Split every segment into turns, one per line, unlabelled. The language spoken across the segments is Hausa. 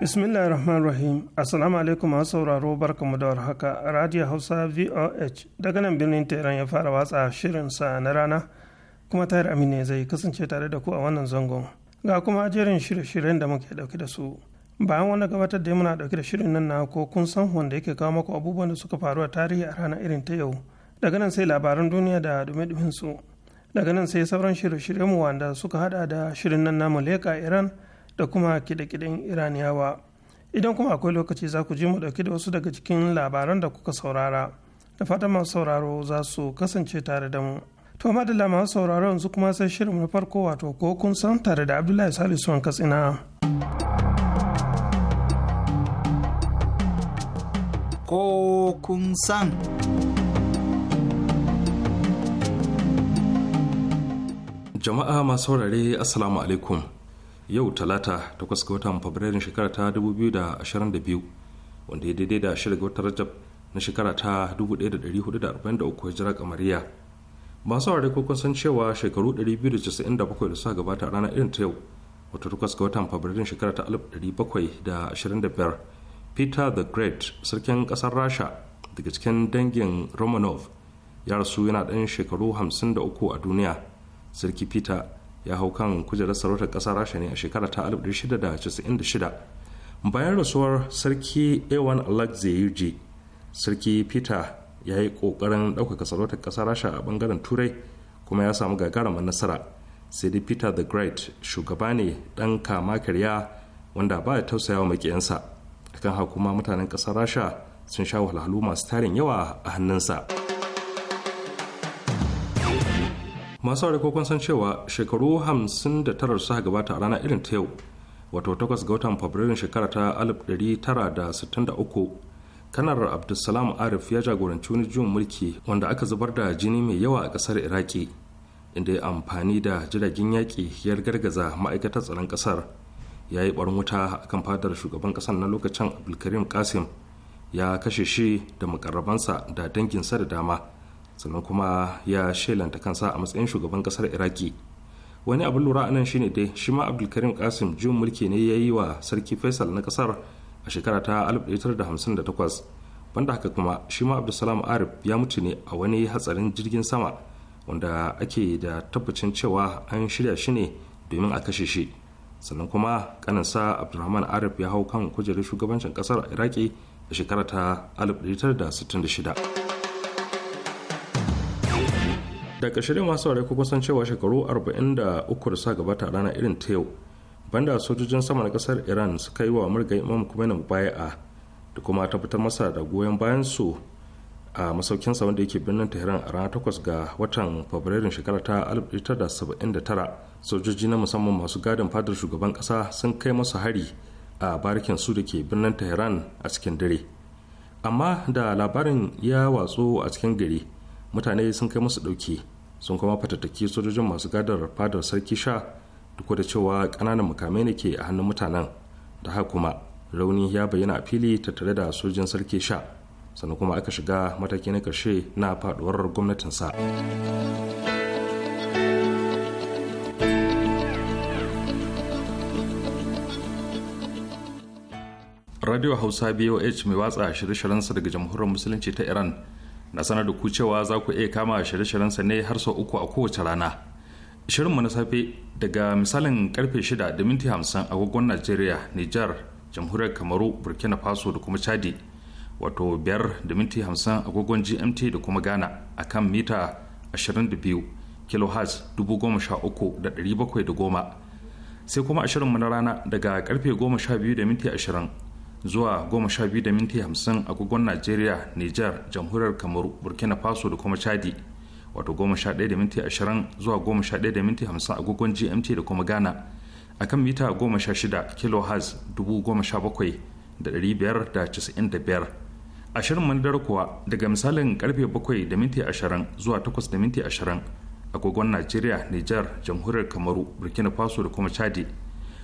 bismillahir rahman rahim assalamu alaikum masu sauraro barkamu da warhaka radio hausa voh daga nan birnin Teran ya fara watsa shirin sa na rana kuma tayar amine zai kasance tare da ku a wannan zangon ga kuma jerin shirye-shiryen da muke dauke da su bayan wani gabatar da muna dauke da shirin nan na ko kun san wanda yake kawo maku abubuwan da suka faru a tarihi a ranar irin ta yau daga nan sai labaran duniya da dume-dumen su daga nan sai sauran shirye-shiryen mu wanda suka hada da shirin nan namu leka iran da kuma kide kiɗen iraniyawa idan kuma akwai lokaci za ku ji mu ɗauki da wasu daga cikin labaran da kuka saurara da fatan masu sauraro za su kasance tare da mu to madalla masu sauraro yanzu kuma sai shirin na farko wato ko kun san tare da abdullahi salisu katsina
ko kun san
jama'a masu saurare assalamu alaikum yau talata takwas ga watan fabrairun shekara ta 2022 wanda ya daidai da ga watan rajab na shekara ta 1443 hijira kamariya masu aure ko kun san cewa shekaru 297 da suka gabata a ranar irin ta yau wato takwas ga watan fabrairun shekara ta 1725 peter the great sarkin kasar rasha daga cikin dangin romanov ya rasu yana ɗan shekaru 53 a duniya sarki peter ya hau kan kujerar sarautar ƙasar rasha ne a shekara ta 1696 bayan rasuwar sarki a1 alexei sarki peter ya yi ƙoƙarin ɗaukaka sarautar ƙasar rasha a ɓangaren turai kuma ya samu gagarumin nasara sai dai peter the great shugaba ne ɗan kama karya wanda ba ya tausaya wa makiyansa akan haka kuma mutanen ƙasar rasha sun sha wahalhalu masu tarin yawa a hannunsa. masu aure kun san cewa shekaru 59 suka gabata a ranar irin ta yau wato 8 ga watan fabrairun shekara ta 1963 kanar abdulsalam arif ya jagoranci wani juyin mulki wanda aka zubar da jini mai yawa a kasar iraki inda ya amfani da jiragen yaƙi ya gargaza ma'aikatar tsaron kasar ya yi barin wuta a kan fadar shugaban kasar na lokacin abdulkarim kasim ya kashe shi da makarrabansa da danginsa da dama sannan kuma ya shelanta kansa a matsayin shugaban kasar iraki wani abin lura anan shine dai shi ma abdulkarim kasim jin mulki ne ya yi wa sarki faisal na kasar a shekara ta 1958 banda haka kuma shi ma abdulsalam arif ya mutu ne a wani hatsarin jirgin sama wanda ake da tabbacin cewa an shirya shi ne domin a kashe shi sannan kuma kaninsa abdulrahman arif ya hau kan kujerar shugabancin kasar iraki a shekara ta 1966 da ƙarshe masu ware ko kusan cewa shekaru 43 da suka gabata rana irin ta yau banda sojojin sama na kasar iran suka yi wa murga imam kumena baya'a da kuma tabbatar masa da goyon bayan su a masaukin sa wanda yake birnin tehran a ranar 8 ga watan fabrairun shekara ta 1979 sojoji na musamman masu gadin fadar shugaban kasa sun kai masa hari a barikin su da ke birnin tehran a cikin dare amma da labarin ya watsu a cikin gari mutane sun kai masu dauke sun kuma fatattaki sojojin masu gadar fadar sarki sha duk da cewa kananan mukamai ne ke a hannun mutanen da haka kuma rauni ya bayyana a fili tattare da sojin sarki sha sannan kuma aka shiga mataki na karshe na faduwar gwamnatinsa. radio hausa boh mai watsa shirye sa daga jamhuriyar musulunci ta iran na sanar da ku cewa za ku iya kama shirye-shiryensa ne har sau uku a kowace rana mu na safe daga misalin karfe 6 da minti 50 agogon najeriya niger jamhuriyar kamaru burkina faso da kuma chadi wato 5 da minti 50 agogon gmt da kuma ghana a kan mita 22 kilohertz 13710 sai kuma mu na rana daga karfe 12 da minti 20 zuwa goma sha biyu da minti agogon najeriya niger jamhuriyar kamaru burkina faso da kuma chadi wato goma sha ɗaya da zuwa goma sha ɗaya agogon gmt da kuma ghana akan mita goma sha shida kilohertz dubu goma sha bakwai da da da biyar ashirin mandar kuwa daga misalin karfe bakwai da minti ashirin zuwa takwas da minti agogon najeriya niger jamhuriyar kamaru burkina faso da kuma chadi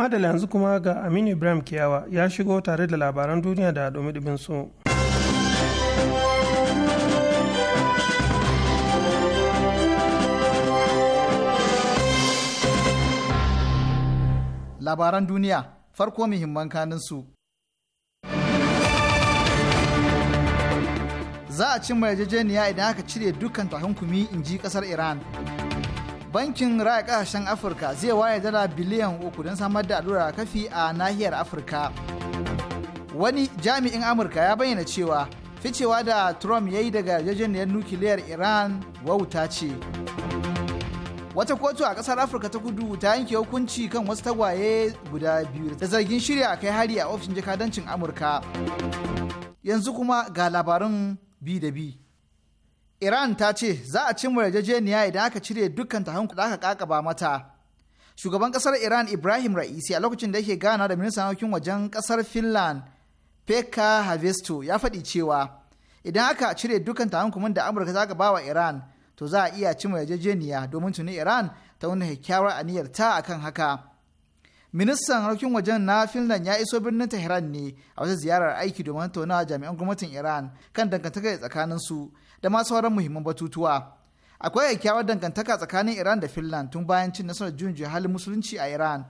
madala yanzu kuma ga aminu ibrahim kiyawa ya shigo tare da labaran duniya da domin su.
labaran duniya farko muhimman su. za a cimma yarjejeniya idan aka cire dukkan takunkumi in ji kasar iran bankin raya kasashen afirka zai waye dala biliyan uku don samar da allurar kafi a nahiyar afirka wani jami'in amurka ya bayyana cewa ficewa da trump ya yi daga yarjejeniyar nukiliyar iran wauta ce wata kotu a kasar afirka ta kudu ta yanke hukunci kan wasu tagwaye guda biyu da zargin shirya a kai hari a ofishin jakadancin amurka yanzu kuma ga labarin bi da bi Iran ta ce za a cimma yarjejeniya idan aka cire dukkan tahankul da aka kakaba mata. Shugaban kasar Iran Ibrahim Ra'isi a lokacin da yake gana da ministan harkokin wajen kasar Finland Pekka Havisto ya faɗi cewa idan aka cire dukkan tahankumin da Amurka ka ba wa Iran to za a iya cimma yarjejeniya domin tuni Iran ta wani kyakkyawar aniyar ta akan haka. ministan harkokin wajen na finland ya iso birnin tehran ne a wata ziyarar aiki domin tattaunawa jami'an gwamnatin iran kan dangantaka tsakanin su da ma sauran muhimman batutuwa akwai kyakkyawar dangantaka tsakanin iran da finland tun bayan cin nasarar juyin halin musulunci a iran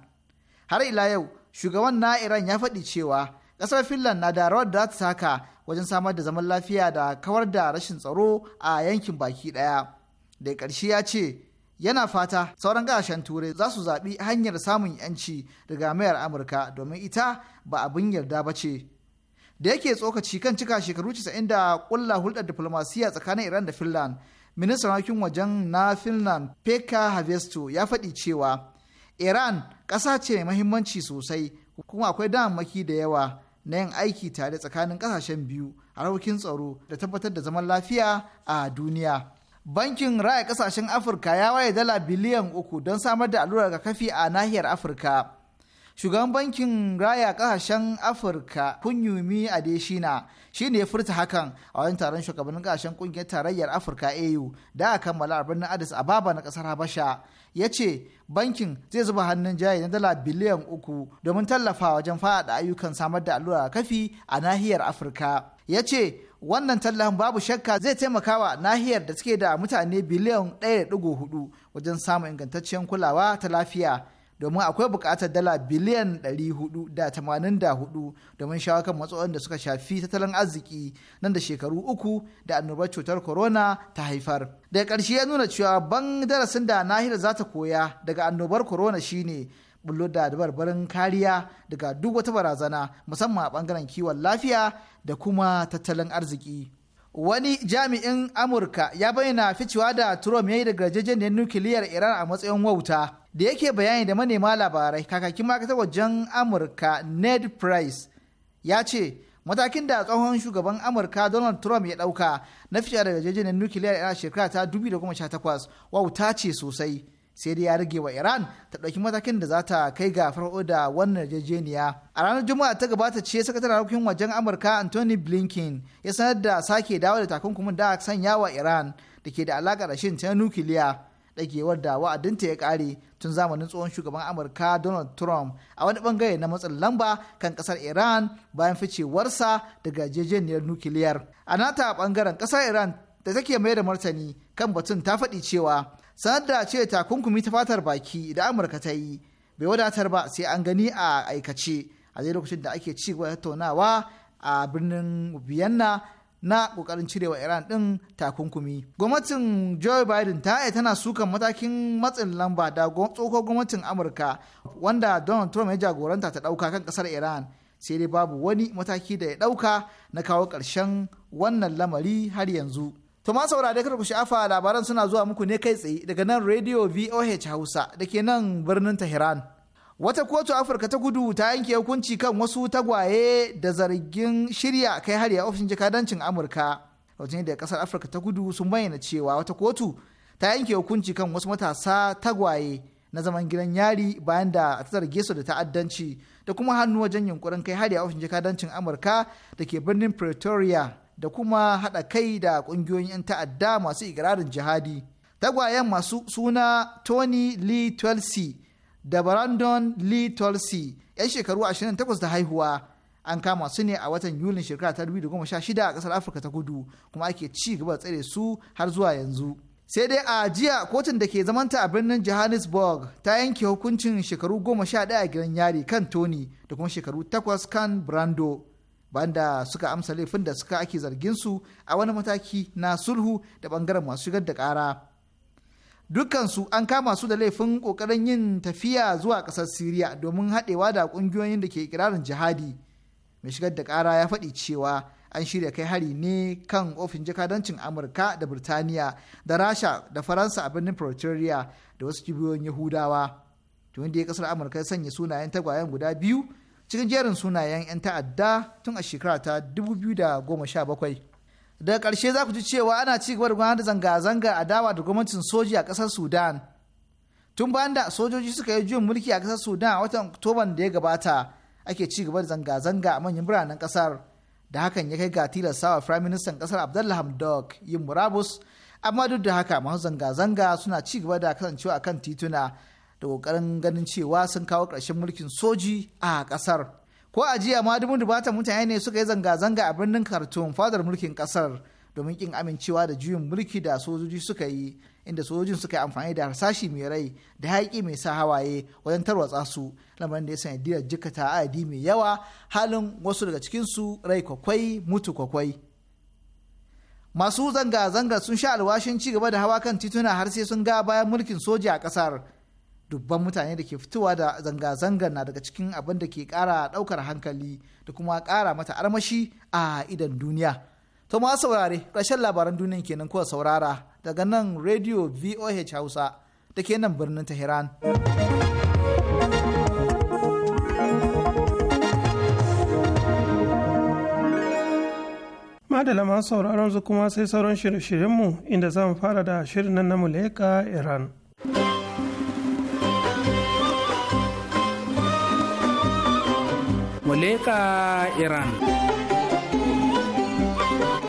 har ila yau shugaban na iran ya faɗi cewa ƙasar finland na da rawar da ta taka wajen samar da zaman lafiya da kawar da rashin tsaro a yankin baki ɗaya da ƙarshe ya ce yana fata sauran gasashen turai za su zaɓi hanyar samun yanci daga mayar amurka domin ita ba abin yarda ba ce da yake tsokaci kan cika shekaru 90 da kulla hulɗar diflomasiyya tsakanin iran da finland ministan harkokin wajen na finland pekka havesto ya faɗi cewa iran ƙasa ce mai mahimmanci sosai kuma akwai damammaki da yawa na yin aiki tare tsakanin ƙasashen biyu a harkokin tsaro da tabbatar da zaman lafiya a duniya bankin raya kasashen afirka ya waye dala biliyan uku don samar da allurar kafi a nahiyar afirka shugaban bankin raya kasashen afirka kunyumi adeshina shi ne ya furta hakan a wani taron shugabannin kasashen kungiyar tarayyar afirka au da a kammala a birnin addis ababa na kasar habasha ya ce bankin zai zuba hannun jari na dala biliyan uku domin tallafa wajen faɗaɗa ayyukan samar da allurar kafi a nahiyar afirka ya ce wannan tallafin babu shakka zai taimaka wa nahiyar da suke da mutane biliyan 1.4 wajen samun ingantacciyar kulawa ta lafiya domin akwai bukatar dala biliyan 484 domin shawo kan matsalolin da suka shafi tattalin arziki nan da shekaru uku da annobar cutar corona ta haifar. Daga karshe ya nuna cewa ban darasin da nahiyar za ta koya daga annobar corona shine bullo da dabarbarin kariya daga duk wata barazana musamman a bangaren kiwon lafiya da kuma tattalin arziki. Wani jami'in Amurka ya bayyana ficewa da Trump ya yi da nukiliyar Iran a matsayin wauta da yake bayani da manema labarai kakakin ma'aikatar wajen Amurka Ned Price ya ce matakin da tsohon shugaban amurka donald trump ya dauka na fice daga jejinin nukiliyar a shekara ta 2018 wauta ce sosai sai dai ya rage wa iran ta ɗauki matakin da za ta kai ga farko da wannan yarjejeniya a ranar juma'a ta gabata ce sakataren harkokin wajen amurka anthony blinken ya sanar da sake dawo da takunkumin da aka sanya wa iran da ke da alaƙa da shin ta nukiliya ɗagewar da wa'adinta ya ƙare tun zamanin tsohon shugaban amurka donald trump a wani bangare na matsin lamba kan ƙasar iran bayan ficewarsa daga jejeniyar nukiliyar a nata bangaren ƙasar iran da take mai da martani kan batun ta faɗi cewa sanar da ce takunkumi ta fatar baki da amurka ta yi bai wadatar ba sai an gani a aikace a zai lokacin da ake ci gaba tattaunawa a birnin vienna na kokarin cirewa iran din takunkumi gwamnatin joe biden ta yi tana sukan matakin matsin lamba da tsohon gwamnatin amurka wanda donald trump ya jagoranta ta dauka kan kasar iran sai dai babu wani mataki da ya dauka na kawo ƙarshen wannan lamari har yanzu To ma saurare kada ku sha'afa labaran suna zuwa muku ne kai tsaye daga nan Radio VOH Hausa da ke nan birnin Tehran. Wata kotu Afirka ta gudu ta yanke hukunci kan wasu tagwaye da zargin shirya kai hari a ofishin jakadancin Amurka. wajen da kasar Afirka ta gudu sun bayyana cewa wata kotu ta yanke hukunci kan wasu matasa tagwaye na zaman gidan yari bayan da ta zarge su da ta'addanci da kuma hannu wajen yunkurin kai hari a ofishin jakadancin Amurka da ke birnin Pretoria da kuma haɗa kai da ƙungiyoyin 'yan ta'adda masu ikirarin jihadi. Tagwayen masu suna Tony Lee Tulsi da Brandon Lee Tulsi 'yan shekaru 28 da haihuwa an kama su ne a watan Yulin shekara ta 2016 a ƙasar Afirka ta kudu kuma ake ci gaba da tsare su har zuwa yanzu. Sai dai a jiya kotun da ke zamanta a birnin Johannesburg ta yanke hukuncin shekaru 11 a gidan yari kan Tony da kuma shekaru 8 kan Brando. banda suka amsa laifin da suka ake zargin su a wani mataki na sulhu da bangaren masu shigar da kara dukansu an kama su da laifin kokarin yin tafiya zuwa kasar siriya domin haɗewa da ƙungiyoyin da ke ikirarin jihadi mai shigar da kara ya faɗi cewa an shirya kai hari ne kan ofin jakadancin amurka da birtaniya da rasha da faransa a birnin pretoria da wasu kibiyoyin yahudawa tun da ya kasar amurka ya sanya sunayen tagwayen guda biyu cikin jerin sunayen 'yan ta'adda tun a shekara ta 2017 daga ƙarshe za ku ji cewa ana ci gaba da gudanar da zanga-zanga a dawa da gwamnatin soji a ƙasar sudan tun bayan da sojoji suka yi juyin mulki a ƙasar sudan a watan oktoban da ya gabata ake ci gaba da zanga-zanga a manyan biranen ƙasar da hakan ya kai ga tilastawa firayim ministan ƙasar abdullah hamdok yin murabus amma duk da haka masu zanga-zanga suna ci gaba da kasancewa a kan tituna da kokarin ganin cewa sun kawo ƙarshen mulkin soji a ƙasar. Ko a jiya ma dubu dubatan mutane ne suka yi zanga-zanga a birnin Khartoum fadar mulkin ƙasar domin ƙin amincewa da juyin mulki da sojoji suka yi inda sojojin suka yi amfani da harsashi mai rai da haƙi mai sa hawaye wajen tarwatsa su lamarin da ya sanya diyar jikata adi mai yawa halin wasu daga cikin su rai kwakwai mutu kwakwai. Masu zanga-zangar sun sha alwashin ci gaba da hawa kan tituna har sai sun ga bayan mulkin soja a ƙasar. dubban mutane da ke fitowa da zanga-zangar na daga cikin abin da ke kara daukar hankali da kuma kara mata armashi a idan duniya. To ma saurare ƙarshen labaran duniyan kenan kuwa saurara daga nan Radio VOH Hausa da ke nan birnin Tehran.
Madala masu sauraron su kuma sai sauran shirye-shiryenmu inda zan fara da shirin nan na Muleka Iran.
muleka iran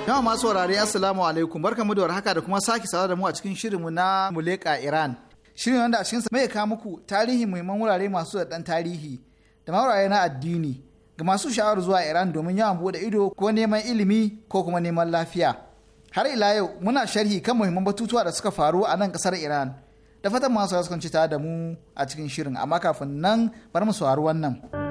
yawan masu wurare assalamu alaikum mu da warhaka da kuma sake sawa da mu a cikin shirinmu na muleka iran shirin wanda a cikinsa mai kawo muku tarihi muhimman wurare masu da ɗan tarihi da wurare na addini ga masu sha'awar zuwa iran domin yawan buɗe ido ko neman ilimi ko kuma neman lafiya har ila yau muna sharhi kan muhimman batutuwa da suka faru a nan kasar iran da fatan masu haskanci tare da mu a cikin shirin amma kafin nan bar mu saurari wannan.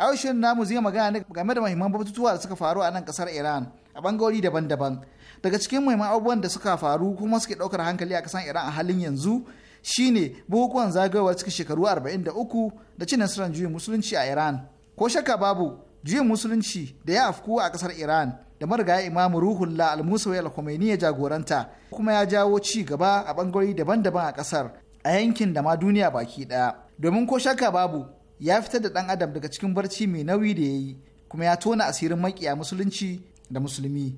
a namu zai magana game da mahimman batutuwa da suka faru a nan kasar iran a bangarori daban-daban daga cikin muhimman abubuwan da suka faru kuma suke daukar hankali a kasar iran a halin yanzu shine bukukuwan zagayowar cikin shekaru 43 da cin nasarar juyin musulunci a iran ko shakka babu juyin musulunci da ya afku a kasar iran da marigaya imamu ruhullah al al-khomeini ya jagoranta kuma ya jawo ci gaba a bangarori daban-daban a kasar a yankin da ma duniya baki daya domin ko shakka babu ya fitar da ɗan adam daga cikin barci mai nauyi da ya yi kuma ya tona asirin maƙiya musulunci da musulmi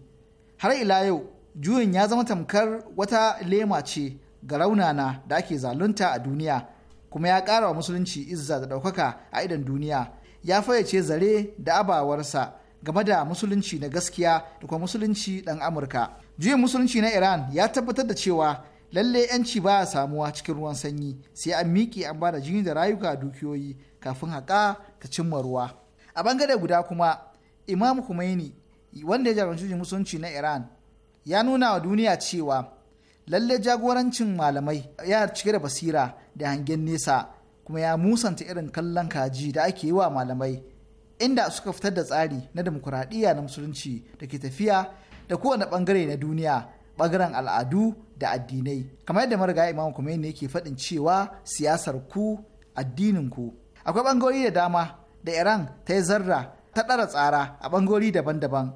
har ila yau juyin ya zama tamkar wata lema ce ga raunana da ake zalunta a duniya kuma ya ƙara wa musulunci izza da ɗaukaka a idan duniya ya fayyace zare da abawarsa game da musulunci na gaskiya da kuma musulunci ɗan amurka juyin musulunci na iran ya tabbatar da cewa lalle yanci baya samuwa cikin ruwan sanyi sai an miƙe an ba da jini da rayuka dukiyoyi kafin haƙa ta cimma ruwa a bangare guda kuma imam Khomeini wanda ya jagoranci musulunci na iran ya nuna wa duniya cewa lalle jagorancin malamai ya cike da basira da hangen nesa kuma ya musanta irin kallon kaji da ake yi wa malamai inda suka fitar da tsari na demokuraɗiyya na musulunci da ke tafiya da kowane bangare na duniya bangaren al'adu da addinai kamar yadda marigayi imam Khomeini yake faɗin cewa siyasar ku addinin ku akwai bangori da dama da iran ta yi zarra ta ɗara tsara a bangori daban-daban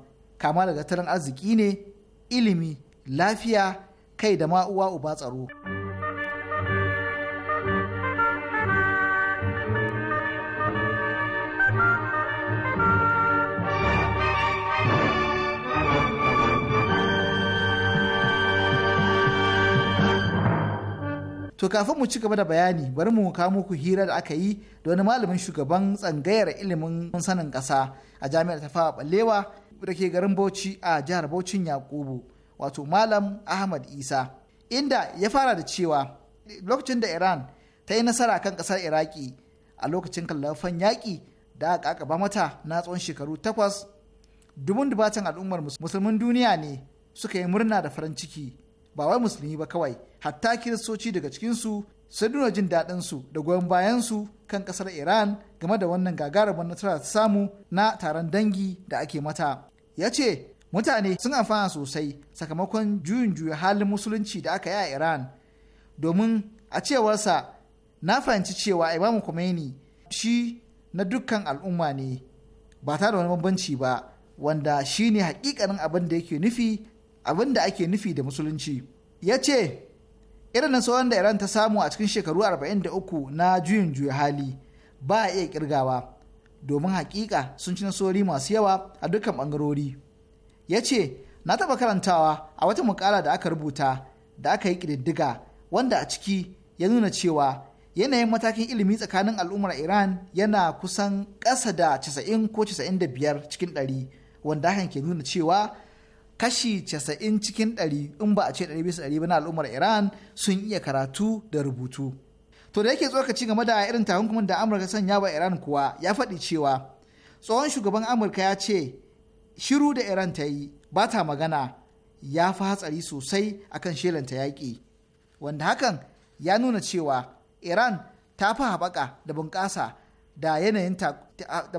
kama daga tattalin arziki ne ilimi lafiya kai da ma uwa uba tsaro. To kafin mu ci gaba da bayani bari mu kawo muku hira da aka yi da wani malamin shugaban tsangayar ilimin sanin ƙasa a jami'ar tafawa balewa da ke garin Bauchi a jihar Bauchin Yakubu wato malam Ahmad Isa inda ya fara da cewa lokacin da Iran ta yi nasara kan ƙasar Iraki a lokacin kallafan yaƙi da aka akaba mata na tsawon shekaru takwas dubun dubatan al'ummar musulmin duniya ne suka yi murna da farin ciki ba wai musulmi ba kawai hatta kiristoci daga cikinsu sun nuna jin daɗin su da goyon bayansu kan ƙasar iran game da wannan gagarumin nasara ta samu na taron dangi da ake mata ya ce mutane sun amfana sosai sakamakon juyin juya halin musulunci da aka yi a iran domin a cewarsa na fahimci cewa imamu Khomeini shi na dukkan al'umma ne ba ta da wani bambanci ba wanda shi ne hakikanin abin yake nufi abin da ake nufi da musulunci ya ce irin nasarorin da iran ta samu a cikin shekaru 43 na juyin juya hali ba a iya kirgawa domin hakika sun ci nasarori masu yawa a dukkan bangarori ya ce na taba karantawa a wata mukala da aka rubuta da aka yi kididdiga wanda a ciki ya nuna cewa yanayin matakin ilimi tsakanin al'ummar iran yana kusan ƙasa da 90 ko 95 cikin 100 wanda hakan ke nuna cewa kashi 90 cikin 100 in ba a ce 100 bisa 100 ba na al'ummar Iran sun iya karatu da rubutu. To da yake tsokaci game da irin takunkumin da Amurka sanya ba Iran kuwa ya faɗi cewa tsohon shugaban Amurka ya ce shiru da Iran ta yi ba ta magana ya fi hatsari sosai akan shelanta yaƙi. Wanda hakan ya nuna cewa Iran ta fi haɓaka da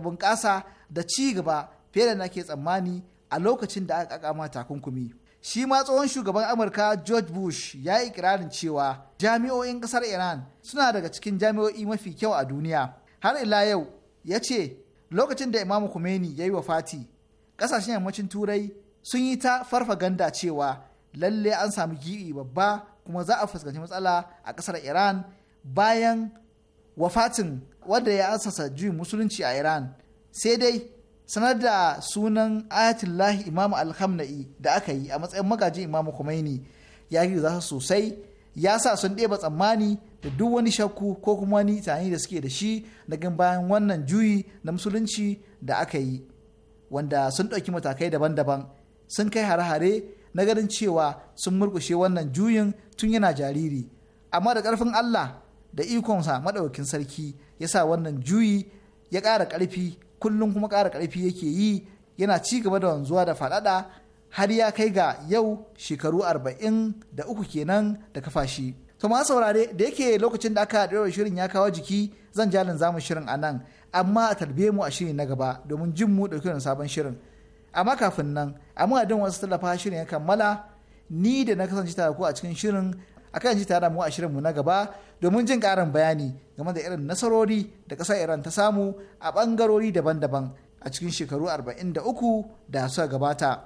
bunƙasa da ci gaba fiye da na ke tsammani a lokacin da aka kama takunkumi shi ma tsohon shugaban amurka george bush ya yi ikirarin cewa jami'o'in ƙasar iran suna daga cikin jami'o'i mafi kyau a duniya har ila yau ya ce lokacin da Imam khomeini ya yi wa fati Ƙasashen yammacin turai sun yi ta farfaganda cewa lalle an samu gibi babba kuma za a fuskanci matsala a ƙasar iran bayan wafatin wanda ya asasa juyin musulunci a iran sai dai sanar da sunan ayatullahi imamu alhamna'i da aka yi a matsayin magajin imamu Khomeini ya yi za sosai ya sa sun ɗeba tsammani da duk wani shakku ko kuma wani tani da suke da shi daga bayan wannan juyi na musulunci da aka yi wanda sun ɗauki matakai daban-daban sun kai hare-hare na ganin cewa sun murkushe wannan juyin tun yana jariri amma da ƙarfin Allah da ikonsa maɗaukin sarki ya sa wannan juyi ya ƙara ƙarfi kullum kuma ƙara ƙarfi yake yi yana ci gaba da wanzuwa da faɗaɗa har ya kai ga yau shekaru arba'in da uku kenan da kafa shi. To ma saurare da yake lokacin da aka ɗaura shirin ya kawo jiki zan jalin zamu shirin a nan amma a tarbe mu a shirin na gaba domin jin mu ɗauki wani sabon shirin. Amma kafin nan amma don wasu tallafa shirin ya kammala ni da na kasance tare ku a cikin shirin akan ji tare da mu a shirinmu na gaba domin jin karin bayani game da irin nasarori da ƙasar Iran ta samu a bangarori daban-daban a cikin shekaru 43 da suka gabata.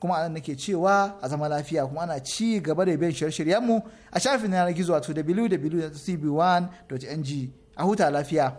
Kuma anan nake cewa a zama lafiya kuma ana ci gaba da biyan shirye-shiryenmu a shafin yanar gizo wato www.tv1.ng a huta lafiya.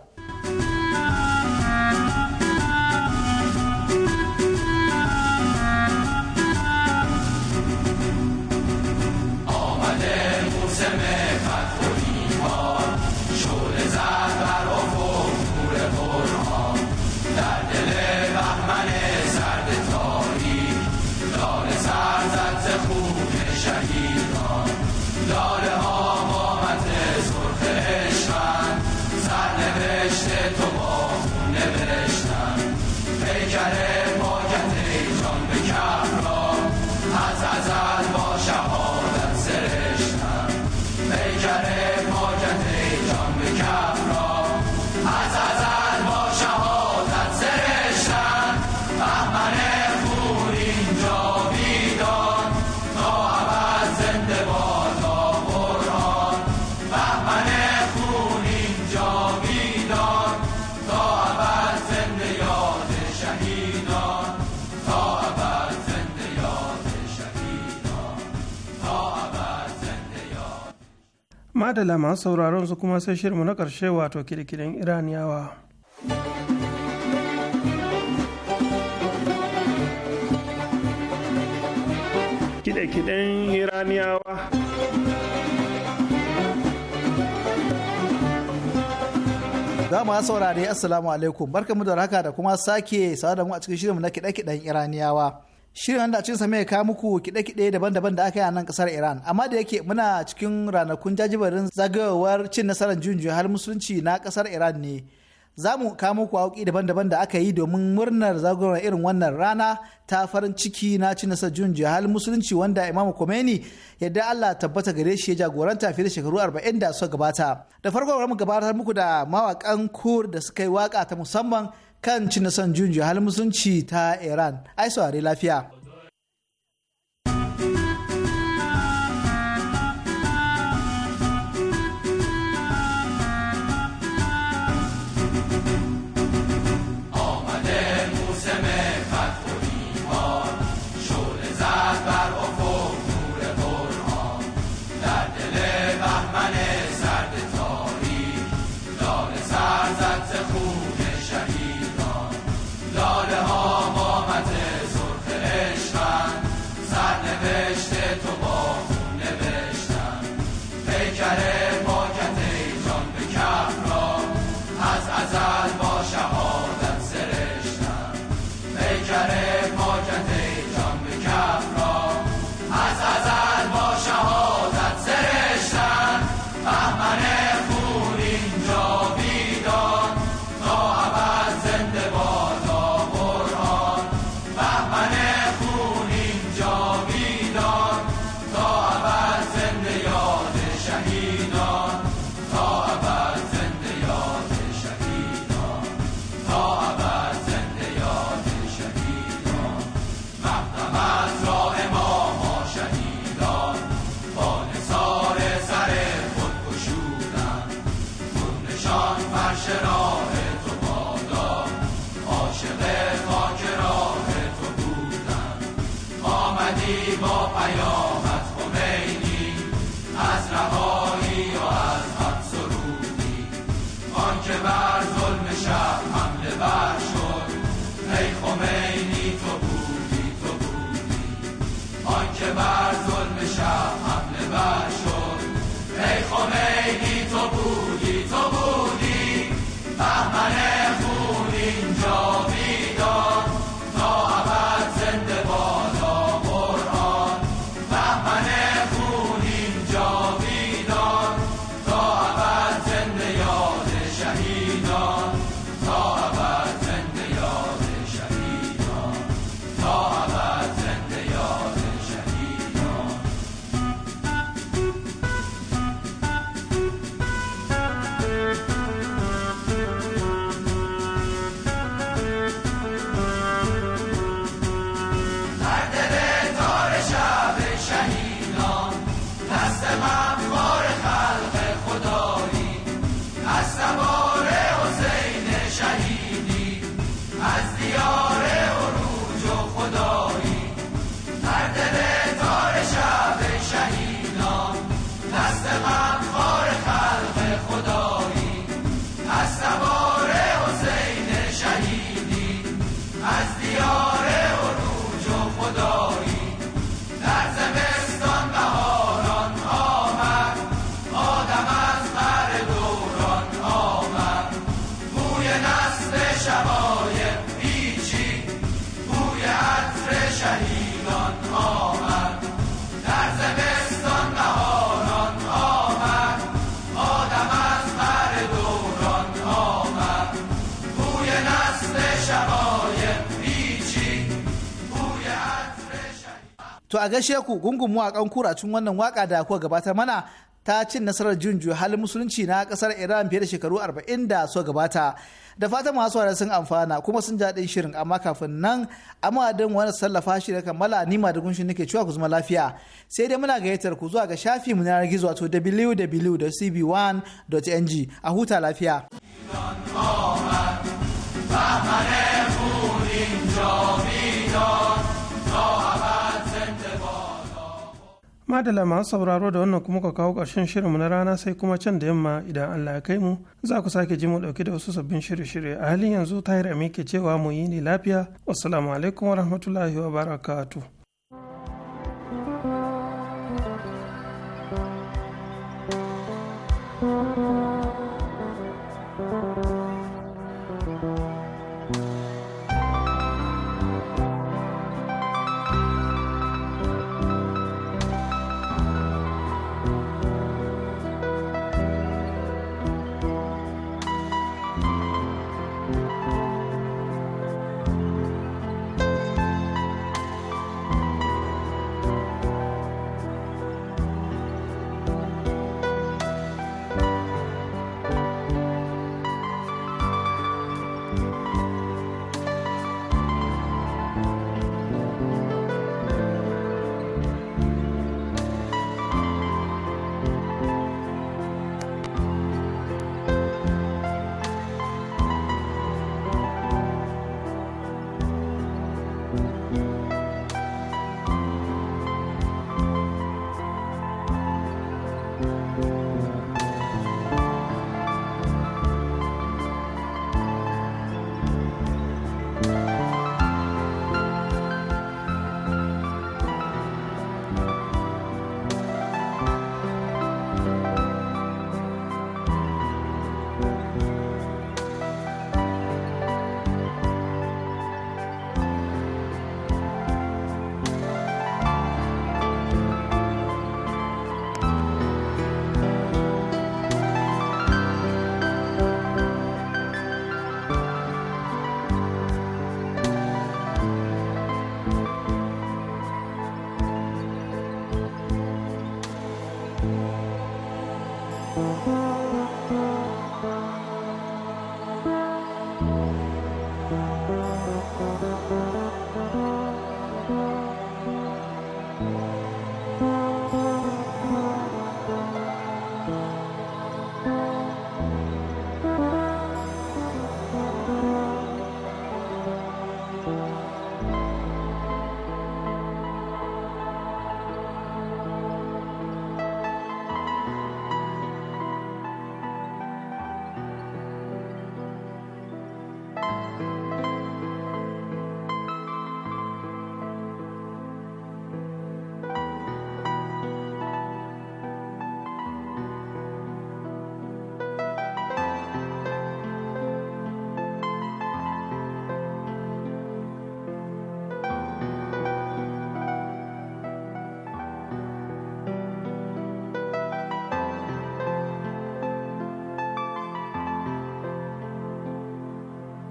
madala masu sauraron su kuma sai shirmu na ƙarshe wato kirkirin iraniyawa
kide iraniyawa za mu saurare assalamu alaikum barkamu da haka da kuma sake sa da mu a cikin shirinmu na kiɗe-kiɗen iraniyawa shirin wanda cin mai kawo muku kide-kide daban-daban da aka yi a nan kasar Iran amma da yake muna cikin ranakun jajibarin zagayowar cin nasarar junjun har musulunci na kasar Iran ne za mu kawo muku auki daban-daban da aka yi domin murnar zagayowar irin wannan rana ta farin ciki na cin nasarar junjun har musulunci wanda imamu komeni yadda Allah tabbata gare shi ya jagoranta fiye da shekaru arba'in da suka gabata da farko mu gabatar muku da mawakan kur da suka yi waka ta musamman kan cin nasan junji hal musulunci ta iran ai saurari lafiya To a gaishe ku gungun mawaƙan kuracin wannan waka da kuka gabatar mana ta cin nasarar junju halin musulunci na kasar Iran fiye da shekaru 40 da suka gabata. Da fatan masu wada sun amfana kuma sun jaɗin shirin amma kafin nan a madadin wani sallafa shi da kammala nima da gunshin nake cewa ku zama lafiya. Sai dai muna gayyatar ku zuwa ga shafi mu na gizo wato www.cb1.ng a huta lafiya.
madala masu sauraro da wannan kuma ka kawo ƙarshen shirinmu na rana sai kuma can da yamma idan Allah ya kai mu za ku sake ji mu ɗauki da wasu sabbin shirye-shirye a halin yanzu yi rami ke cewa mu yi ne lafiya wasalamu alaikum wa wa
Thank you.